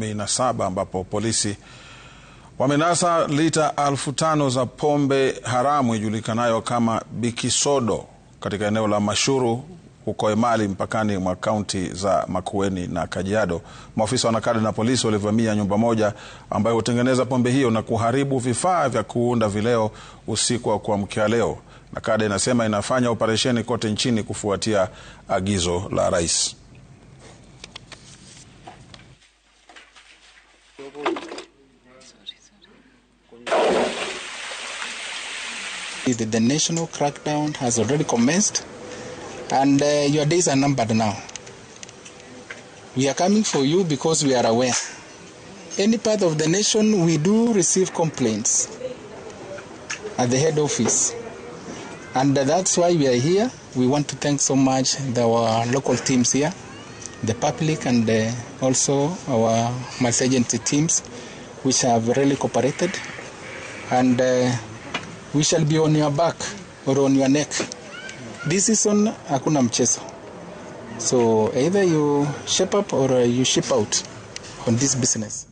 kumi na saba ambapo polisi wamenasa lita elfu tano za pombe haramu ijulikanayo kama bikisodo katika eneo la Mashuru huko Emali mpakani mwa kaunti za Makueni na Kajiado. Maafisa wa NACADA na polisi walivamia nyumba moja ambayo hutengeneza pombe hiyo na kuharibu vifaa vya kuunda vileo usiku wa kuamkia leo. NACADA inasema inafanya operesheni kote nchini kufuatia agizo la rais. The, the national crackdown has already commenced, and uh, your days are numbered now. We are coming for you because we are aware. Any part of the nation, we do receive complaints at the head office, and that's why we are here. We want to thank so much our local teams here the public and uh, also our mass agency teams which have really cooperated and uh, we shall be on your back or on your neck this season hakuna mchezo so either you shape up or uh, you ship out on this business